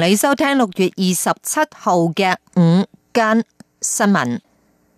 你收聽六月二十七號嘅午間新聞。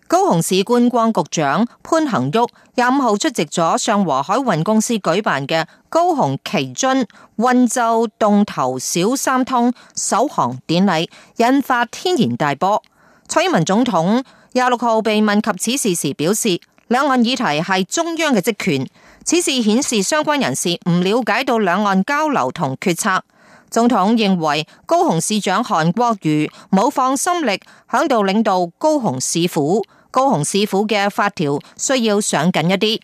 高雄市觀光局長潘恒旭廿五號出席咗上華海運公司舉辦嘅高雄旗津、溫州洞頭小三通首航典禮，引發天然大波。蔡英文總統廿六號被問及此事時表示，兩岸議題係中央嘅職權，此事顯示相關人士唔了解到兩岸交流同決策。總統認為高雄市長韓國瑜冇放心力，響度領導高雄市府。高雄市府嘅法條需要上緊一啲。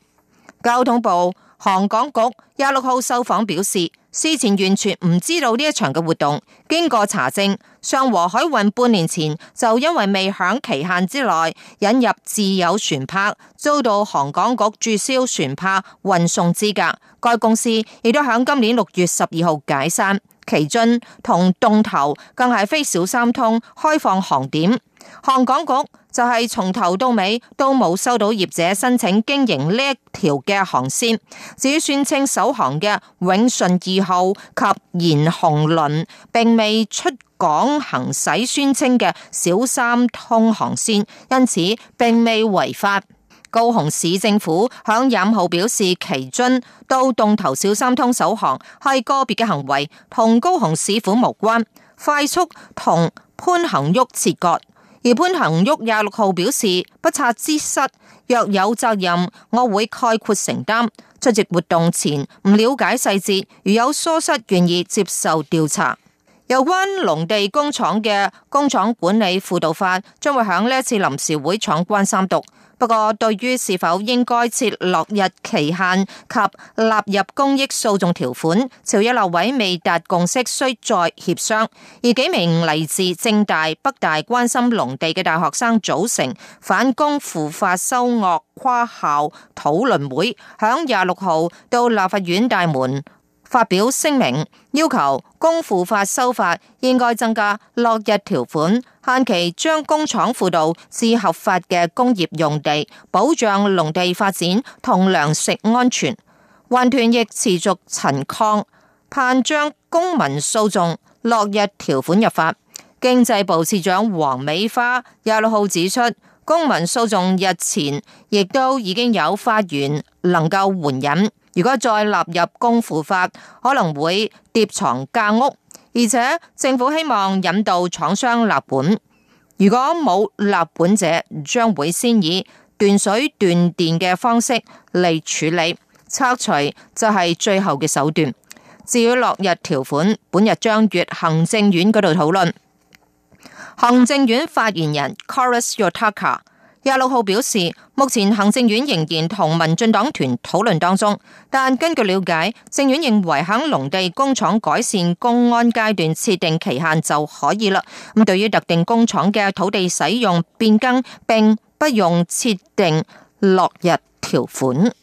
交通部航港局廿六號受訪表示，事前完全唔知道呢一場嘅活動。經過查證，上和海運半年前就因為未響期限之內引入自有船舶，遭到航港局注銷船舶運送資格。該公司亦都響今年六月十二號解散。旗津同洞頭更係非小三通開放航點，航港局就係從頭到尾都冇收到業者申請經營呢一條嘅航線，至於宣稱首航嘅永順二號及延鴻輪，並未出港行駛宣稱嘅小三通航線，因此並未違法。高雄市政府響廿五號表示，旗津到溫州小三通首航係個別嘅行為，同高雄市府無關。快速同潘恒旭切割，而潘恒旭廿六號表示，不察之失，若有責任，我會概括承擔。出席活動前唔了解細節，如有疏失，願意接受調查。有關農地工廠嘅工廠管理輔導法，將會響呢一次臨時會闖關三讀。不過，對於是否應該設落日期限及納入公益訴訟條款，朝野立委未達共識，需再協商。而幾名嚟自政大、北大關心農地嘅大學生組成反工輔法修惡跨校討論會，響廿六號到立法院大門。發表聲明，要求工輔法修法應該增加落日條款，限期將工廠輔導至合法嘅工業用地，保障農地發展同糧食安全。環團亦持續陳抗，盼將公民訴訟落日條款入法。經濟部次長王美花廿六號指出，公民訴訟日前亦都已經有法院能夠援引。如果再納入公庫法，可能會疊床架屋，而且政府希望引導廠商立本。如果冇立本者，將會先以斷水斷電嘅方式嚟處理，拆除就係最後嘅手段。至於落日條款，本日將於行政院嗰度討論。行政院發言人 Kolas Yotaka。廿六號表示，目前行政院仍然同民進黨團討論當中。但根據了解，政院認為喺農地工廠改善公安階段設定期限就可以啦。對於特定工廠嘅土地使用變更並不用設定落日條款。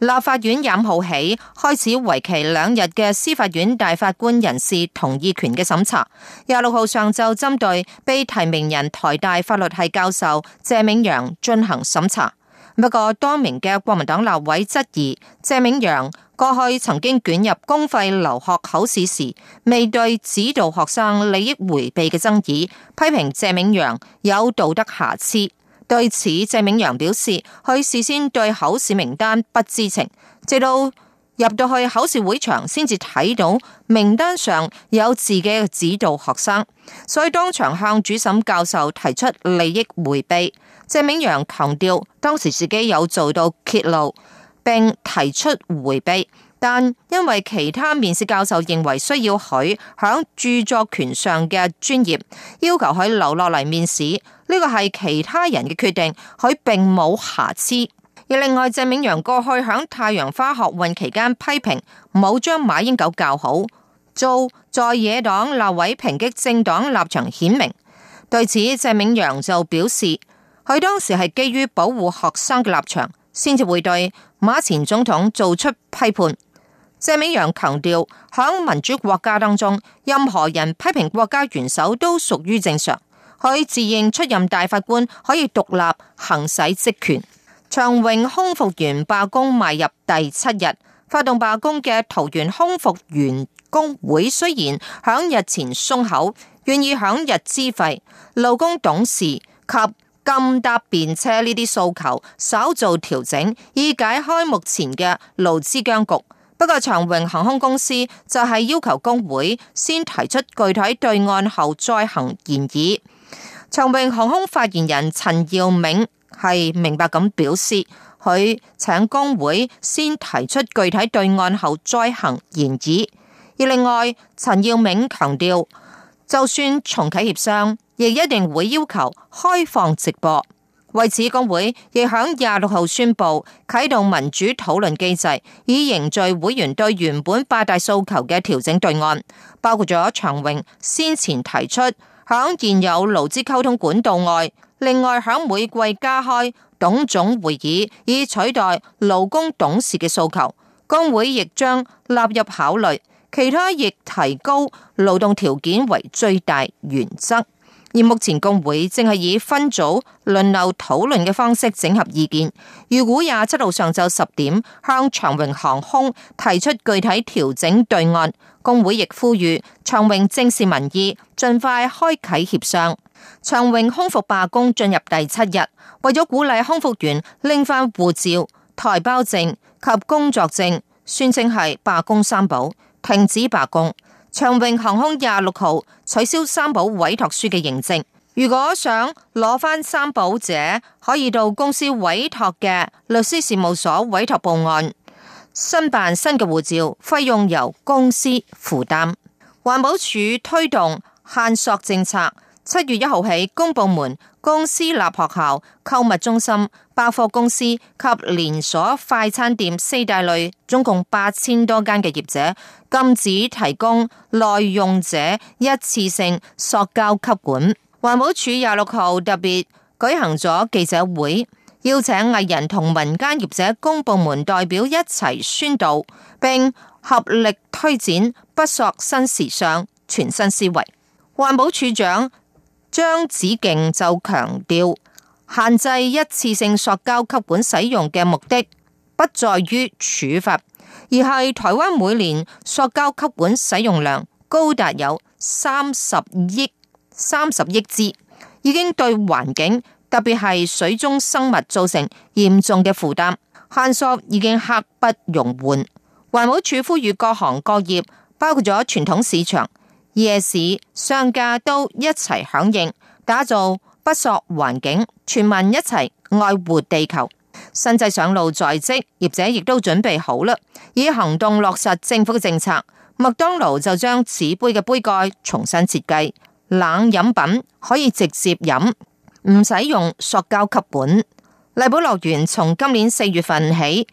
立法院廿五號起開始為期兩日嘅司法院大法官人事同意權嘅審查，廿六號上晝針對被提名人台大法律系教授謝銘揚進行審查。不過，多名嘅國民黨立委質疑謝銘揚過去曾經捲入公費留學考試時未對指導學生利益回避嘅爭議，批評謝銘揚有道德瑕疵。對此，謝銘揚表示，佢事先對考試名單不知情，直到入到去考試會場先至睇到名單上有自己嘅指導學生，所以當場向主審教授提出利益回避。謝銘揚強調，當時自己有做到揭露，並提出回避，但因為其他面試教授認為需要佢響著作權上嘅專業，要求佢留落嚟面試。呢個係其他人嘅決定，佢並冇瑕疵。而另外，謝銘揚過去響太陽花學運期間批評冇將馬英九教好，做在野黨立委抨擊政黨立場顯明。對此，謝銘揚就表示，佢當時係基於保護學生嘅立場，先至會對馬前總統做出批判。謝銘揚強調，響民主國家當中，任何人批評國家元首都屬於正常。佢自認出任大法官可以獨立行使職權。長榮空服員罷工邁入第七日，發動罷工嘅桃園空服員工會雖然響日前鬆口，願意響日資費、勞工董事及禁搭便車呢啲訴求稍作調整，以解開目前嘅勞資僵局。不過長榮航空公司就係要求工會先提出具體對案後再行言議。長榮航空發言人陳耀明係明白咁表示，佢請工會先提出具體對案後再行研議。而另外，陳耀明強調，就算重啟協商，亦一定會要求開放直播。為此，工會亦響廿六號宣布啟動民主討論機制，以凝聚會員對原本八大訴求嘅調整對案，包括咗長榮先前提出。響現有勞資溝通管道外，另外響每季加開董總會議，以取代勞工董事嘅訴求。工會亦將納入考慮，其他亦提高勞動條件為最大原則。而目前工會正係以分組輪流討論嘅方式整合意見，預計廿七號上晝十點，向長榮航空提出具體調整對案，工會亦呼籲長榮正視民意，盡快開啟協商。長榮空服罷工進入第七日，為咗鼓勵空服員拎返護照、台胞證及工作證，宣稱係罷工三寶，停止罷工。長榮航空廿六號取消三保委託書嘅認證，如果想攞返三保者，可以到公司委託嘅律師事務所委託報案，申辦新嘅護照，費用由公司負擔。環保署推動限塑政策。七月一號起，公部門、公私立學校、購物中心、百貨公司及連鎖快餐店四大類，總共八千多間嘅業者，禁止提供內用者一次性塑膠吸管。環保署廿六號特別舉行咗記者會，邀請藝人同民間業者、公部門代表一齊宣導，並合力推展不塑新時尚、全新思維。環保署長。張子敬就強調，限制一次性塑膠吸管使用嘅目的，不在於處罰，而係台灣每年塑膠吸管使用量高達有三十億，三十億支，已經對環境，特別係水中生物造成嚴重嘅負擔，限塑已經刻不容緩。環保署呼籲各行各業，包括咗傳統市場。夜市商家都一齊響應，打造不塑環境，全民一齊愛護地球。新制上路在即，業者亦都準備好啦，以行動落實政府嘅政策。麥當勞就將紙杯嘅杯蓋重新設計，冷飲品可以直接飲，唔使用，用塑膠吸管。麗寶樂園從今年四月份起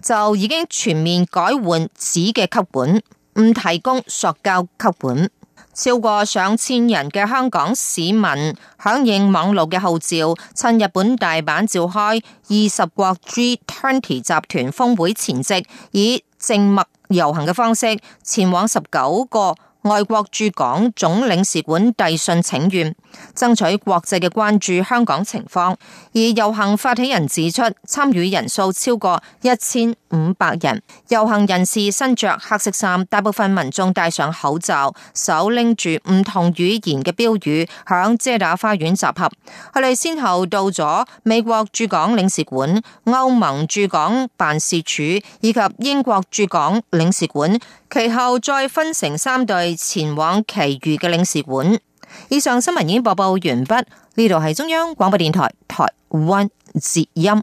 就已經全面改換紙嘅吸管，唔提供塑膠吸管。超過上千人嘅香港市民響應網絡嘅號召，趁日本大阪召開二十國 G20 集團峰會前夕，以靜默遊行嘅方式前往十九個外國駐港總領事館遞信請願，爭取國際嘅關注香港情況。而遊行發起人指出，參與人數超過一千五百人。遊行人士身着黑色衫，大部分民眾戴上口罩，手拎住唔同語言嘅標語，響遮打花園集合。佢哋先後到咗美國駐港領事館、歐盟駐港辦事處以及英國駐港領事館。其後再分成三隊前往其餘嘅領事館。以上新聞已經播報完畢，呢度係中央廣播電台台灣之音。